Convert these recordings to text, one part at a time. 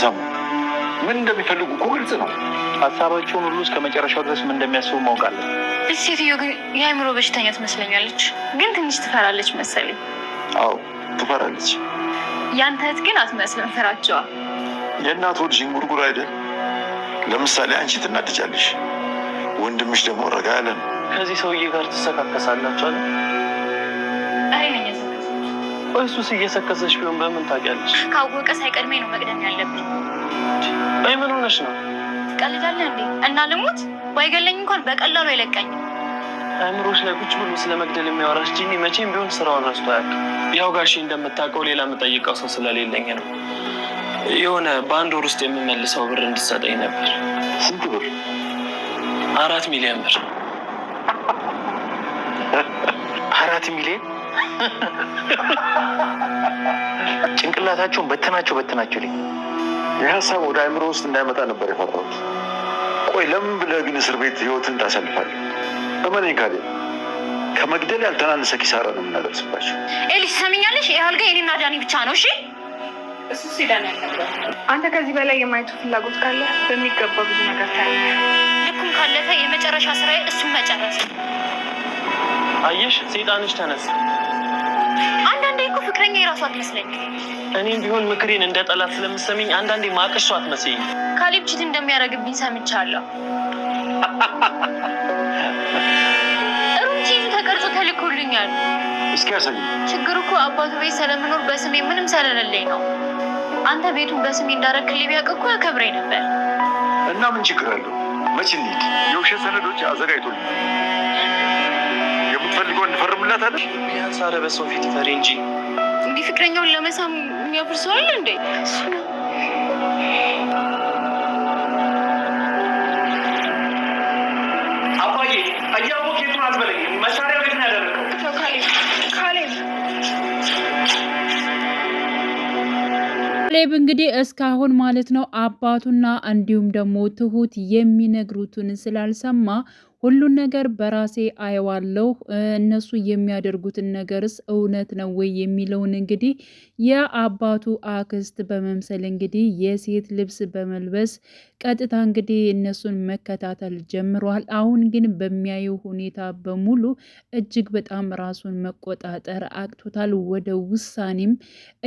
ሲሰሙ ምን እንደሚፈልጉ እኮ ግልጽ ነው። ሀሳባቸውን ሁሉ እስከ መጨረሻው ድረስ ምን እንደሚያስቡ ማውቃለን። እስ ሴትዮ ግን የአእምሮ በሽተኛ ትመስለኛለች፣ ግን ትንሽ ትፈራለች መሰለኝ። አዎ ትፈራለች። ያንተ እህት ግን አትመስልም፣ ፍራቸዋ የእናት ወድ ዥንጉርጉር አይደል? ለምሳሌ አንቺ ትናድጃለሽ፣ ወንድምሽ ደግሞ ረጋ ያለ ነው። ከዚህ ሰውዬ ጋር ትሰካከሳላችኋል። በሱስ እየሰከሰች ቢሆን በምን ታውቂያለሽ? ካወቀ ሳይቀድሜ ነው መቅደም ያለብኝ። ቆይ ምን ሆነሽ ነው? ትቀልዳለህ እንዴ? እና ልሙት ባይገለኝ እንኳን በቀላሉ አይለቀኝም። አእምሮች ላይ ቁጭ ብሎ ስለ መግደል የሚያወራሽ ጂኒ መቼም ቢሆን ስራውን ረስቶ ያቅ። ያው ጋሼ እንደምታውቀው ሌላ የምጠይቀው ሰው ስለሌለኝ ነው። የሆነ በአንድ ወር ውስጥ የምመልሰው ብር እንድትሰጠኝ ነበር። ስንት ብር? አራት ሚሊዮን ብር። አራት ሚሊዮን ጭንቅላታቸውን በትናቸው በትናቸው ላይ ይህ ሀሳብ ወደ አይምሮ ውስጥ እንዳይመጣ ነበር የፈራሁት። ቆይ ለምን ብለህ ግን እስር ቤት ህይወትን ታሳልፋለህ? እመነኝ ካሌ ከመግደል ያልተናነሰ ኪሳራ ነው የምናደርስባቸው። ኤሊስ ሰሚኛለሽ? ይህ አልጋ የኔና ዳኒ ብቻ ነው። እሺ እሱ ሲዳን አንተ ከዚህ በላይ የማየቱ ፍላጎት ካለ በሚገባ ብዙ ነገር ታያለ። ልኩም ካለፈ የመጨረሻ ስራዬ እሱን መጨረስ አየሽ፣ ሴጣንሽ ተነሳ። አንዳንዴ እኮ ፍቅረኛ የራሱ አትመስለኝ። እኔም ቢሆን ምክሬን እንደ ጠላት ስለምሰሚኝ አንዳንዴ ማቅሾ አትመስይኝ። ካሌብ ቺት እንደሚያደርግብኝ ሰምቻለሁ። ሩምቺዙ ተቀርጾ ተልኮልኛል። እስኪ ያሳይ። ችግሩ እኮ አባቱ ቤት ስለምኖር በስሜ ምንም ስለሌለኝ ነው። አንተ ቤቱን በስሜ እንዳረክልኝ ቢያውቅ እኮ ያከብረኝ ነበር። እና ምን ችግር አለው? መቼ እንሂድ? የውሸት ሰነዶች አዘጋጅቶልኛል። ትፈርምላታለሽ? ቢያንስ በሰው ፊት ፈሪ እንጂ እንዲህ ፍቅረኛውን ለመሳም የሚያፍርሰዋል እንግዲህ እስካሁን ማለት ነው አባቱና እንዲሁም ደግሞ ትሁት የሚነግሩትን ስላልሰማ ሁሉን ነገር በራሴ አየዋለሁ። እነሱ የሚያደርጉትን ነገርስ እውነት ነው ወይ የሚለውን እንግዲህ የአባቱ አክስት በመምሰል እንግዲህ የሴት ልብስ በመልበስ ቀጥታ እንግዲህ እነሱን መከታተል ጀምሯል። አሁን ግን በሚያየው ሁኔታ በሙሉ እጅግ በጣም ራሱን መቆጣጠር አቅቶታል። ወደ ውሳኔም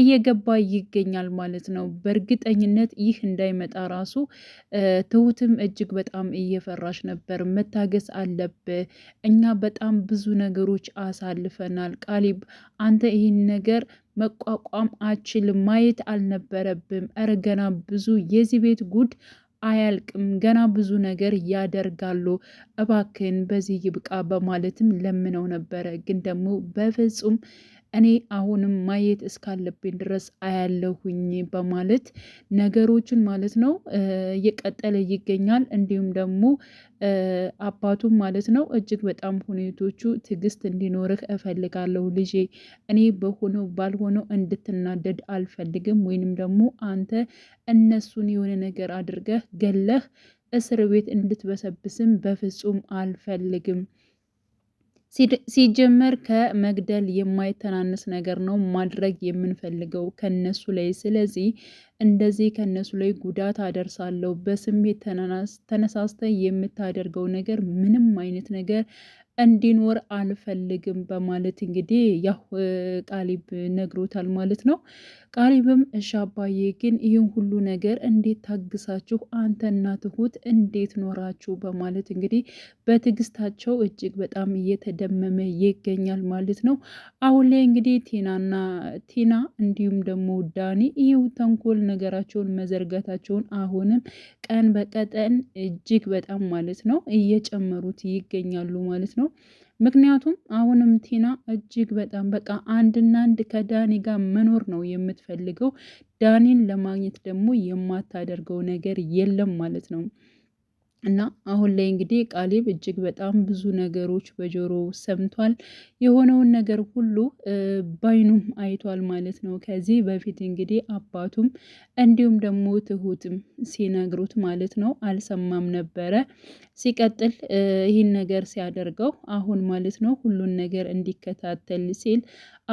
እየገባ ይገኛል ማለት ነው። በእርግጠኝነት ይህ እንዳይመጣ ራሱ ትሁትም እጅግ በጣም እየፈራሽ ነበር። መታገስ አለብህ፣ እኛ በጣም ብዙ ነገሮች አሳልፈናል። ቃሊብ አንተ ይህን ነገር መቋቋም አችል ማየት አልነበረብም። ገና ብዙ የዚህ ቤት ጉድ አያልቅም ገና ብዙ ነገር ያደርጋሉ፣ እባክን በዚህ ይብቃ በማለትም ለምነው ነበረ። ግን ደግሞ በፍጹም እኔ አሁንም ማየት እስካለብኝ ድረስ አያለሁኝ በማለት ነገሮችን ማለት ነው እየቀጠለ ይገኛል። እንዲሁም ደግሞ አባቱም ማለት ነው እጅግ በጣም ሁኔቶቹ ትዕግስት እንዲኖርህ እፈልጋለሁ ልጄ፣ እኔ በሆነው ባልሆነው እንድትናደድ አልፈልግም። ወይንም ደግሞ አንተ እነሱን የሆነ ነገር አድርገህ ገለህ እስር ቤት እንድትበሰብስም በፍጹም አልፈልግም። ሲጀመር ከመግደል የማይተናነስ ነገር ነው ማድረግ የምንፈልገው ከነሱ ላይ። ስለዚህ እንደዚህ ከነሱ ላይ ጉዳት አደርሳለሁ፣ በስሜት ተነሳስተ የምታደርገው ነገር ምንም አይነት ነገር እንዲኖር አልፈልግም በማለት እንግዲህ ያው ቃሊብ ነግሮታል ማለት ነው። ቃሊብም እሺ አባዬ ግን ይህን ሁሉ ነገር እንዴት ታግሳችሁ አንተና ትሁት እንዴት ኖራችሁ በማለት እንግዲህ በትዕግስታቸው እጅግ በጣም እየተደመመ ይገኛል ማለት ነው። አሁን ላይ እንግዲህ ቲናና ቲና እንዲሁም ደግሞ ዳኒ ይህ ተንኮል ነገራቸውን መዘርጋታቸውን አሁንም ቀን በቀጠን እጅግ በጣም ማለት ነው እየጨመሩት ይገኛሉ ማለት ነው። ምክንያቱም አሁንም ቲና እጅግ በጣም በቃ አንድና አንድ ከዳኒ ጋር መኖር ነው የምትፈልገው። ዳኒን ለማግኘት ደግሞ የማታደርገው ነገር የለም ማለት ነው። እና አሁን ላይ እንግዲህ ቃሊብ እጅግ በጣም ብዙ ነገሮች በጆሮ ሰምቷል። የሆነውን ነገር ሁሉ ባይኑም አይቷል ማለት ነው። ከዚህ በፊት እንግዲህ አባቱም እንዲሁም ደግሞ ትሁትም ሲነግሩት ማለት ነው አልሰማም ነበረ። ሲቀጥል ይህን ነገር ሲያደርገው አሁን ማለት ነው ሁሉን ነገር እንዲከታተል ሲል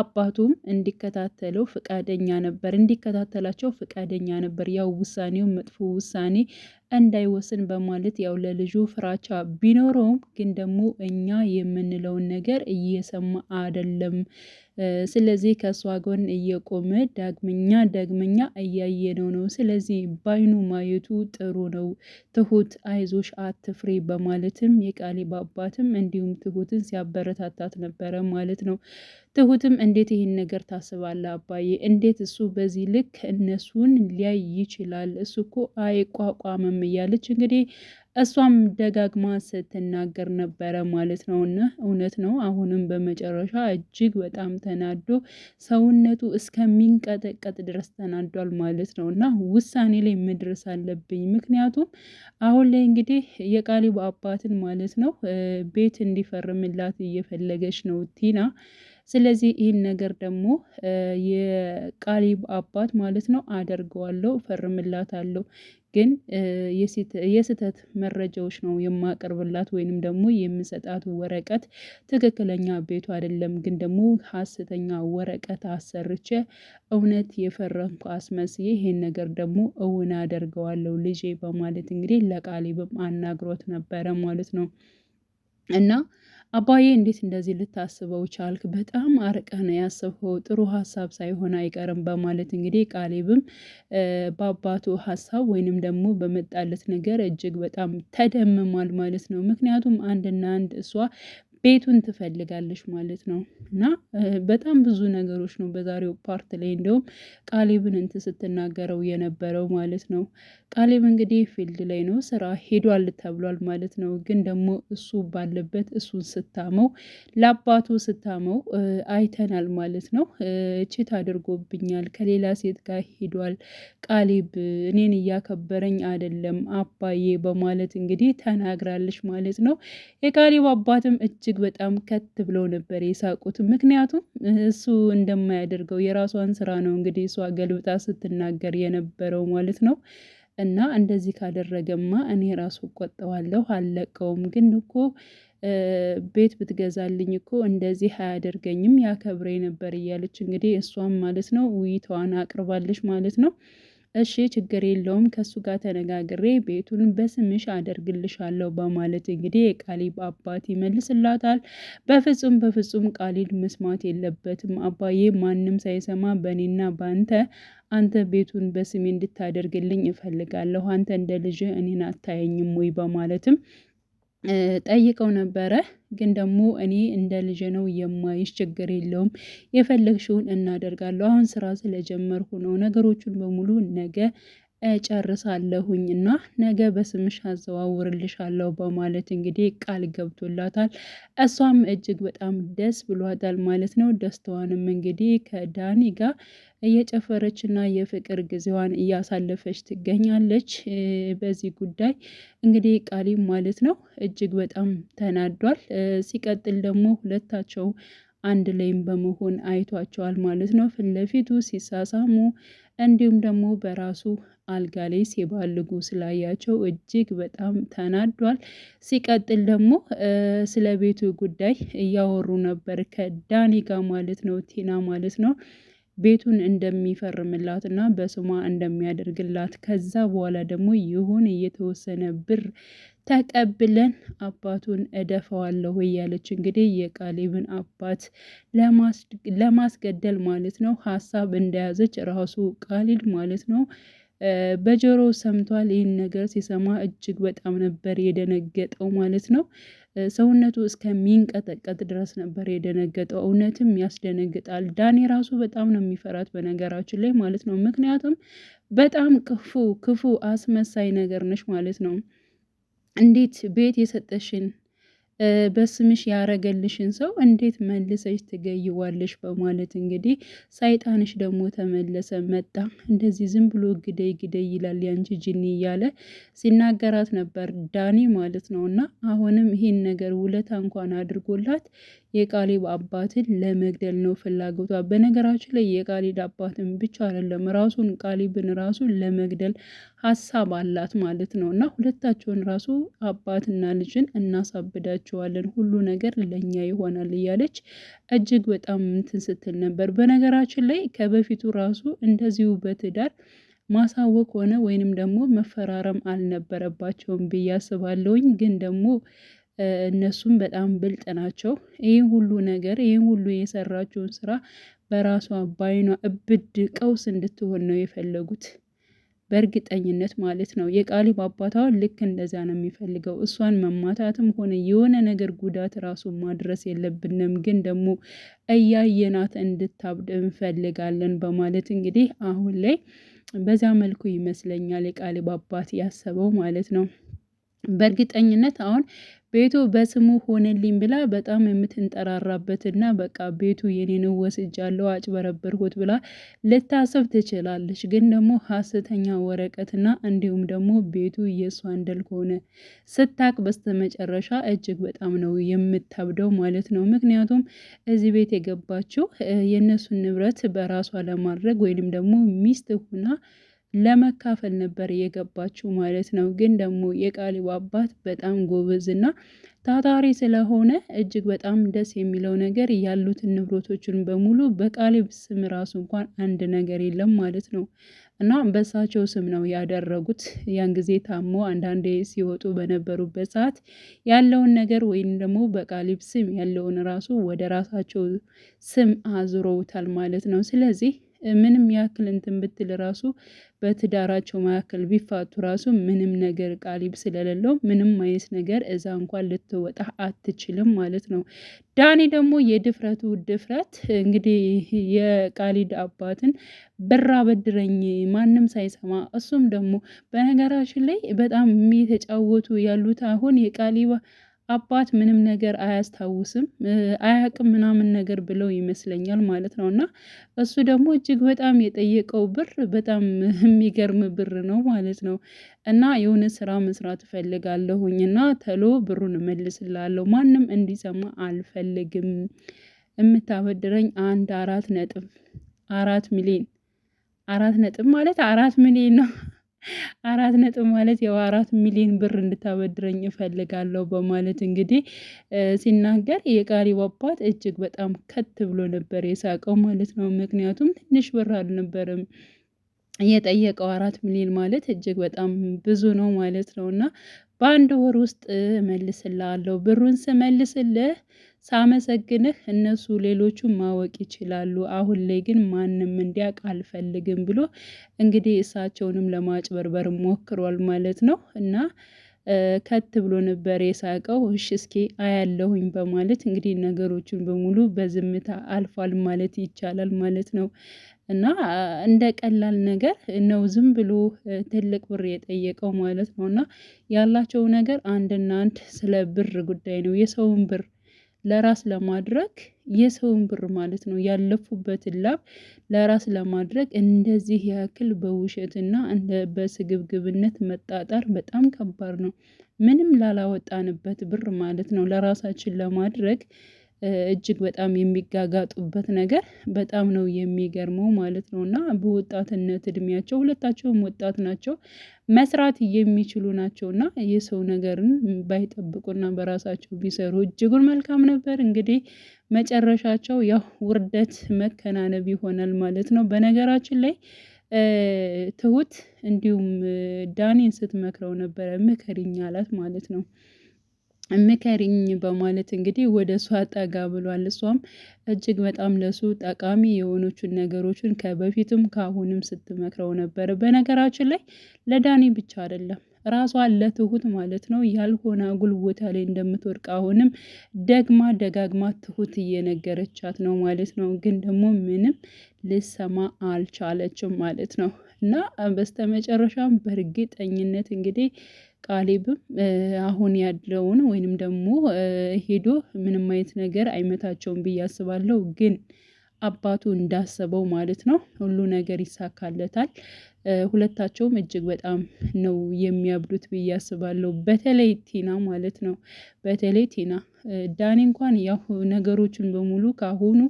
አባቱም እንዲከታተለው ፍቃደኛ ነበር፣ እንዲከታተላቸው ፍቃደኛ ነበር። ያው ውሳኔው መጥፎ ውሳኔ እንዳይወስን በማለት ያው ለልጁ ፍራቻ ቢኖረውም ግን ደግሞ እኛ የምንለውን ነገር እየሰማ አደለም ስለዚህ ከእሷ ጎን እየቆመ ዳግመኛ ዳግመኛ እያየ ነው። ስለዚህ ባይኑ ማየቱ ጥሩ ነው። ትሁት አይዞሽ፣ አትፍሬ በማለትም የቃሌብ አባትም እንዲሁም ትሁትን ሲያበረታታት ነበረ ማለት ነው። ትሁትም እንዴት ይህን ነገር ታስባለ አባዬ? እንዴት እሱ በዚህ ልክ እነሱን ሊያይ ይችላል? እሱ እኮ አይቋቋምም እያለች እንግዲህ እሷም ደጋግማ ስትናገር ነበረ ማለት ነው። እና እውነት ነው። አሁንም በመጨረሻ እጅግ በጣም ተናዶ ሰውነቱ እስከሚንቀጠቀጥ ድረስ ተናዷል ማለት ነው። እና ውሳኔ ላይ መድረስ አለብኝ። ምክንያቱም አሁን ላይ እንግዲህ የቃሊብ አባትን ማለት ነው ቤት እንዲፈርምላት እየፈለገች ነው ቲና ስለዚህ ይህን ነገር ደግሞ የቃሊብ አባት ማለት ነው አደርገዋለሁ፣ እፈርምላታለሁ ግን የስህተት መረጃዎች ነው የማቀርብላት ወይንም ደግሞ የምሰጣት ወረቀት ትክክለኛ ቤቱ አይደለም። ግን ደግሞ ሀሰተኛ ወረቀት አሰርቼ እውነት የፈረምኩ አስመስዬ ይሄን ነገር ደግሞ እውን አደርገዋለሁ ልጄ በማለት እንግዲህ ለቃሊብም አናግሮት ነበረ ማለት ነው እና አባዬ እንዴት እንደዚህ ልታስበው ቻልክ? በጣም አርቀህ ነው ያሰብከው። ጥሩ ሀሳብ ሳይሆን አይቀርም በማለት እንግዲህ ቃሌብም በአባቱ ሀሳብ ወይንም ደግሞ በመጣለት ነገር እጅግ በጣም ተደምሟል ማለት ነው። ምክንያቱም አንድና አንድ እሷ ቤቱን ትፈልጋለች ማለት ነው። እና በጣም ብዙ ነገሮች ነው በዛሬው ፓርት ላይ እንደውም ቃሌብን እንትን ስትናገረው የነበረው ማለት ነው። ጣሊም እንግዲህ ፊልድ ላይ ነው ስራ ሄዷል ተብሏል ማለት ነው። ግን ደግሞ እሱ ባለበት እሱን ስታመው ለአባቱ ስታመው አይተናል ማለት ነው። ችት አድርጎብኛል፣ ከሌላ ሴት ጋር ሄዷል፣ ቃሊብ እኔን እያከበረኝ አይደለም አባዬ በማለት እንግዲህ ተናግራለች ማለት ነው። የቃሊብ አባትም እጅግ በጣም ከት ብለው ነበር የሳቁት። ምክንያቱም እሱ እንደማያደርገው የራሷን ስራ ነው እንግዲህ እሷ ገልብጣ ስትናገር የነበረው ማለት ነው። እና እንደዚህ ካደረገማ እኔ ራሱ እቆጠዋለሁ አልለቀውም። ግን እኮ ቤት ብትገዛልኝ እኮ እንደዚህ አያደርገኝም ያከብረኝ ነበር እያለች እንግዲህ እሷም ማለት ነው ውይይቷን አቅርባለች ማለት ነው። እሺ ችግር የለውም ከእሱ ጋር ተነጋግሬ ቤቱን በስምሽ አደርግልሻለሁ በማለት እንግዲህ የቃሊብ አባት ይመልስላታል። በፍጹም በፍጹም ቃሊል መስማት የለበትም አባዬ፣ ማንም ሳይሰማ በእኔና በአንተ አንተ ቤቱን በስሜ እንድታደርግልኝ እፈልጋለሁ። አንተ እንደ ልጅ እኔን አታየኝም ወይ? በማለትም ጠይቀው ነበረ። ግን ደግሞ እኔ እንደ ልጅ ነው የማይሽ፣ ችግር የለውም የፈለግሽውን እናደርጋለሁ። አሁን ስራ ስለጀመርኩ ነው ነገሮቹን በሙሉ ነገ ጨርሳለሁኝ እና ነገ በስምሽ አዘዋውርልሻለሁ በማለት እንግዲህ ቃል ገብቶላታል። እሷም እጅግ በጣም ደስ ብሏታል ማለት ነው። ደስታዋንም እንግዲህ ከዳኒ ጋር እየጨፈረች እና የፍቅር ጊዜዋን እያሳለፈች ትገኛለች። በዚህ ጉዳይ እንግዲህ ቃሊም ማለት ነው እጅግ በጣም ተናዷል። ሲቀጥል ደግሞ ሁለታቸው አንድ ላይም በመሆን አይቷቸዋል ማለት ነው። ፊት ለፊቱ ሲሳሳሙ እንዲሁም ደግሞ በራሱ አልጋ ላይ ሲባልጉ ስላያቸው እጅግ በጣም ተናዷል። ሲቀጥል ደግሞ ስለ ቤቱ ጉዳይ እያወሩ ነበር ከዳኒ ጋ ማለት ነው፣ ቲና ማለት ነው ቤቱን እንደሚፈርምላት እና በስሟ እንደሚያደርግላት ከዛ በኋላ ደግሞ ይሁን እየተወሰነ ብር ተቀብለን አባቱን እደፈዋለሁ እያለች እንግዲህ የቃሌብን አባት ለማስገደል ማለት ነው ሀሳብ እንደያዘች ራሱ ቃሊል ማለት ነው በጆሮ ሰምቷል። ይህን ነገር ሲሰማ እጅግ በጣም ነበር የደነገጠው ማለት ነው። ሰውነቱ እስከሚንቀጠቀጥ ድረስ ነበር የደነገጠው። እውነትም ያስደነግጣል። ዳኒ ራሱ በጣም ነው የሚፈራት በነገራችን ላይ ማለት ነው። ምክንያቱም በጣም ክፉ ክፉ አስመሳይ ነገር ነች ማለት ነው። እንዴት ቤት የሰጠሽን በስምሽ ያረገልሽን ሰው እንዴት መልሰሽ ትገይዋለሽ? በማለት እንግዲህ ሰይጣንሽ ደግሞ ተመለሰ መጣ። እንደዚህ ዝም ብሎ ግደይ ግደይ ይላል ያንቺ ጅኒ እያለ ሲናገራት ነበር ዳኒ ማለት ነው። እና አሁንም ይህን ነገር ውለታ እንኳን አድርጎላት የቃሌብ አባትን ለመግደል ነው ፍላጎቷ። በነገራችን ላይ የቃሌብ አባትን ብቻ አይደለም ራሱን ቃሌብን ራሱ ለመግደል ሀሳብ አላት ማለት ነው። እና ሁለታቸውን ራሱ አባትና ልጅን እናሳብዳቸዋለን፣ ሁሉ ነገር ለእኛ ይሆናል እያለች እጅግ በጣም እንትን ስትል ነበር። በነገራችን ላይ ከበፊቱ ራሱ እንደዚሁ በትዳር ማሳወቅ ሆነ ወይንም ደግሞ መፈራረም አልነበረባቸውም ብዬ አስባለሁኝ ግን ደግሞ እነሱም በጣም ብልጥ ናቸው። ይህን ሁሉ ነገር ይህን ሁሉ የሰራችውን ስራ በራሷ ባይኗ እብድ ቀውስ እንድትሆን ነው የፈለጉት በእርግጠኝነት ማለት ነው። የቃሊብ አባቷ ልክ እንደዛ ነው የሚፈልገው። እሷን መማታትም ሆነ የሆነ ነገር ጉዳት ራሱ ማድረስ የለብንም፣ ግን ደግሞ እያየናት እንድታብድ እንፈልጋለን በማለት እንግዲህ አሁን ላይ በዛ መልኩ ይመስለኛል የቃሊብ አባት ያሰበው ማለት ነው። በእርግጠኝነት አሁን ቤቱ በስሙ ሆነልኝ ብላ በጣም የምትንጠራራበትና በቃ ቤቱ የኔን ወስጃለሁ አጭበረበርኩት ብላ ልታሰብ ትችላለች። ግን ደግሞ ሀሰተኛ ወረቀትና እንዲሁም ደግሞ ቤቱ የእሷ እንዳልሆነ ስታቅ በስተመጨረሻ እጅግ በጣም ነው የምታብደው ማለት ነው። ምክንያቱም እዚህ ቤት የገባችው የእነሱን ንብረት በራሷ ለማድረግ ወይንም ደግሞ ሚስት ሁና ለመካፈል ነበር የገባችው ማለት ነው። ግን ደግሞ የቃሊብ አባት በጣም ጎበዝ እና ታታሪ ስለሆነ እጅግ በጣም ደስ የሚለው ነገር ያሉትን ንብረቶችን በሙሉ በቃሊብ ስም ራሱ እንኳን አንድ ነገር የለም ማለት ነው እና በሳቸው ስም ነው ያደረጉት። ያን ጊዜ ታሞ አንዳንዴ ሲወጡ በነበሩበት ሰዓት ያለውን ነገር ወይም ደግሞ በቃሊብ ስም ያለውን ራሱ ወደ ራሳቸው ስም አዙረውታል ማለት ነው። ስለዚህ ምንም ያክል እንትን ብትል ራሱ በትዳራቸው መካከል ቢፋቱ ራሱ ምንም ነገር ቃሊብ ስለሌለው ምንም አይነት ነገር እዛ እንኳን ልትወጣ አትችልም ማለት ነው። ዳኒ ደግሞ የድፍረቱ ድፍረት እንግዲህ የቃሊድ አባትን ብር አበድረኝ ማንም ሳይሰማ እሱም ደግሞ በነገራችን ላይ በጣም የተጫወቱ ያሉት አሁን የቃሊባ አባት ምንም ነገር አያስታውስም አያቅም ምናምን ነገር ብለው ይመስለኛል ማለት ነው። እና እሱ ደግሞ እጅግ በጣም የጠየቀው ብር በጣም የሚገርም ብር ነው ማለት ነው። እና የሆነ ስራ መስራት እፈልጋለሁኝ እና ተሎ ብሩን እመልስላለሁ ማንም እንዲሰማ አልፈልግም። የምታበድረኝ አንድ አራት ነጥብ አራት ሚሊዮን አራት ነጥብ ማለት አራት ሚሊዮን ነው አራት ነጥብ ማለት ያው አራት ሚሊዮን ብር እንድታበድረኝ እፈልጋለሁ በማለት እንግዲህ ሲናገር የቃሪው አባት እጅግ በጣም ከት ብሎ ነበር የሳቀው ማለት ነው። ምክንያቱም ትንሽ ብር አልነበረም የጠየቀው አራት ሚሊዮን ማለት እጅግ በጣም ብዙ ነው ማለት ነው እና በአንድ ወር ውስጥ እመልስልሃለሁ። ብሩን ስመልስልህ ሳመሰግንህ እነሱ ሌሎቹን ማወቅ ይችላሉ። አሁን ላይ ግን ማንም እንዲያውቅ አልፈልግም ብሎ እንግዲህ እሳቸውንም ለማጭበርበር ሞክሯል ማለት ነው እና ከት ብሎ ነበር የሳቀው። እሽ እስኪ አያለሁኝ በማለት እንግዲህ ነገሮችን በሙሉ በዝምታ አልፏል ማለት ይቻላል ማለት ነው። እና እንደ ቀላል ነገር ነው ዝም ብሎ ትልቅ ብር የጠየቀው ማለት ነው። እና ያላቸው ነገር አንድና አንድ ስለ ብር ጉዳይ ነው የሰውን ብር ለራስ ለማድረግ የሰውን ብር ማለት ነው ያለፉበትን ላብ ለራስ ለማድረግ እንደዚህ ያክል በውሸትና እንደ በስግብግብነት መጣጣር በጣም ከባድ ነው። ምንም ላላወጣንበት ብር ማለት ነው ለራሳችን ለማድረግ እጅግ በጣም የሚጋጋጡበት ነገር በጣም ነው የሚገርመው ማለት ነው። እና በወጣትነት እድሜያቸው ሁለታቸውም ወጣት ናቸው መስራት የሚችሉ ናቸው እና የሰው ነገርን ባይጠብቁና በራሳቸው ቢሰሩ እጅጉን መልካም ነበር። እንግዲህ መጨረሻቸው ያው ውርደት መከናነብ ይሆናል ማለት ነው። በነገራችን ላይ ትሁት እንዲሁም ዳኔን ስትመክረው ነበረ ምክርኛ አላት ማለት ነው። ምከሪኝ በማለት እንግዲህ ወደ እሷ ጠጋ ብሏል። እሷም እጅግ በጣም ለሱ ጠቃሚ የሆኖቹን ነገሮችን ከበፊትም ከአሁንም ስትመክረው ነበር። በነገራችን ላይ ለዳኒ ብቻ አይደለም ራሷ ለትሁት ማለት ነው ያልሆነ አጉል ቦታ ላይ እንደምትወድቅ አሁንም ደግማ ደጋግማ ትሁት እየነገረቻት ነው ማለት ነው። ግን ደግሞ ምንም ልሰማ አልቻለችም ማለት ነው እና በስተመጨረሻም በእርግጠኝነት እንግዲህ ቃሌብም አሁን ያለውን ወይንም ደግሞ ሄዶ ምንም አይነት ነገር አይመታቸውም ብዬ አስባለሁ። ግን አባቱ እንዳሰበው ማለት ነው ሁሉ ነገር ይሳካለታል። ሁለታቸውም እጅግ በጣም ነው የሚያብዱት ብዬ አስባለሁ በተለይ ቲና ማለት ነው። በተለይ ቲና ዳኒ እንኳን ያው ነገሮችን በሙሉ ከአሁኑ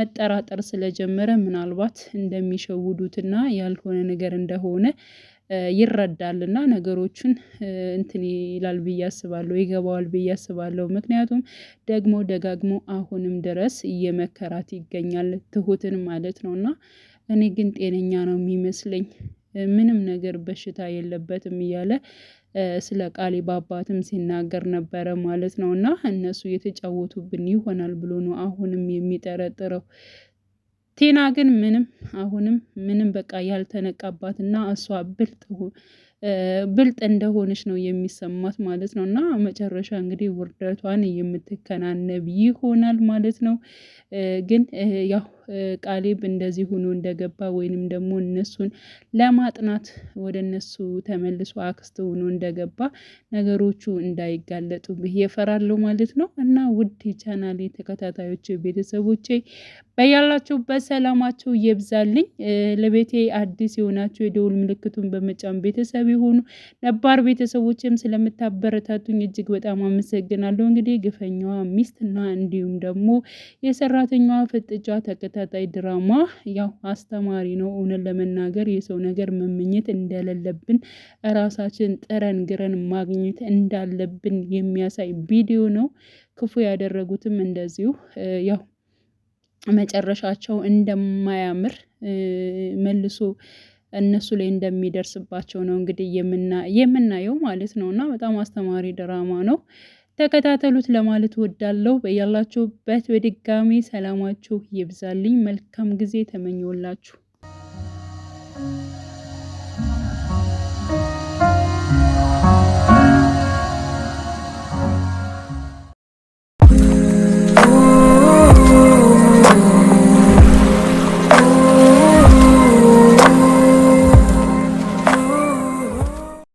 መጠራጠር ስለጀመረ ምናልባት እንደሚሸውዱትና ያልሆነ ነገር እንደሆነ ይረዳልና ነገሮችን እንትን ይላል ብዬ አስባለሁ ይገባዋል ብዬ አስባለሁ። ምክንያቱም ደግሞ ደጋግሞ አሁንም ድረስ እየመከራት ይገኛል ትሁትን ማለት ነው። እና እኔ ግን ጤነኛ ነው የሚመስለኝ ምንም ነገር በሽታ የለበትም እያለ ስለ ቃሌብ አባትም ሲናገር ነበረ ማለት ነው። እና እነሱ የተጫወቱብን ይሆናል ብሎ ነው አሁንም የሚጠረጥረው ቴና ግን ምንም አሁንም ምንም በቃ ያልተነቃባትና እሷ ብልጥ ብልጥ እንደሆነች ነው የሚሰማት ማለት ነው። እና መጨረሻ እንግዲህ ውርደቷን የምትከናነብ ይሆናል ማለት ነው። ግን ያው ቃሌብ እንደዚህ ሆኖ እንደገባ ወይንም ደግሞ እነሱን ለማጥናት ወደ እነሱ ተመልሶ አክስት ሆኖ እንደገባ ነገሮቹ እንዳይጋለጡ ብዬ እፈራለሁ ማለት ነው። እና ውድ ቻናሌ ተከታታዮች ቤተሰቦቼ በያላችሁበት ሰላማችሁ ይብዛልኝ። ለቤቴ አዲስ የሆናችሁ የደውል ምልክቱን በመጫን ቤተሰብ የሆኑ ነባር ቤተሰቦችም ስለምታበረታቱኝ እጅግ በጣም አመሰግናለሁ። እንግዲህ ግፈኛዋ ሚስትና እንዲሁም ደግሞ የሰራተኛዋ ፍጥጫ ተከታታይ ድራማ ያው አስተማሪ ነው። እውነት ለመናገር የሰው ነገር መመኘት እንደሌለብን ራሳችን ጥረን ግረን ማግኘት እንዳለብን የሚያሳይ ቪዲዮ ነው። ክፉ ያደረጉትም እንደዚሁ ያው መጨረሻቸው እንደማያምር መልሶ እነሱ ላይ እንደሚደርስባቸው ነው እንግዲህ የምናየው ማለት ነው። እና በጣም አስተማሪ ድራማ ነው። ተከታተሉት ለማለት ወዳለው በያላችሁበት በድጋሚ ሰላማችሁ ይብዛልኝ። መልካም ጊዜ ተመኘውላችሁ።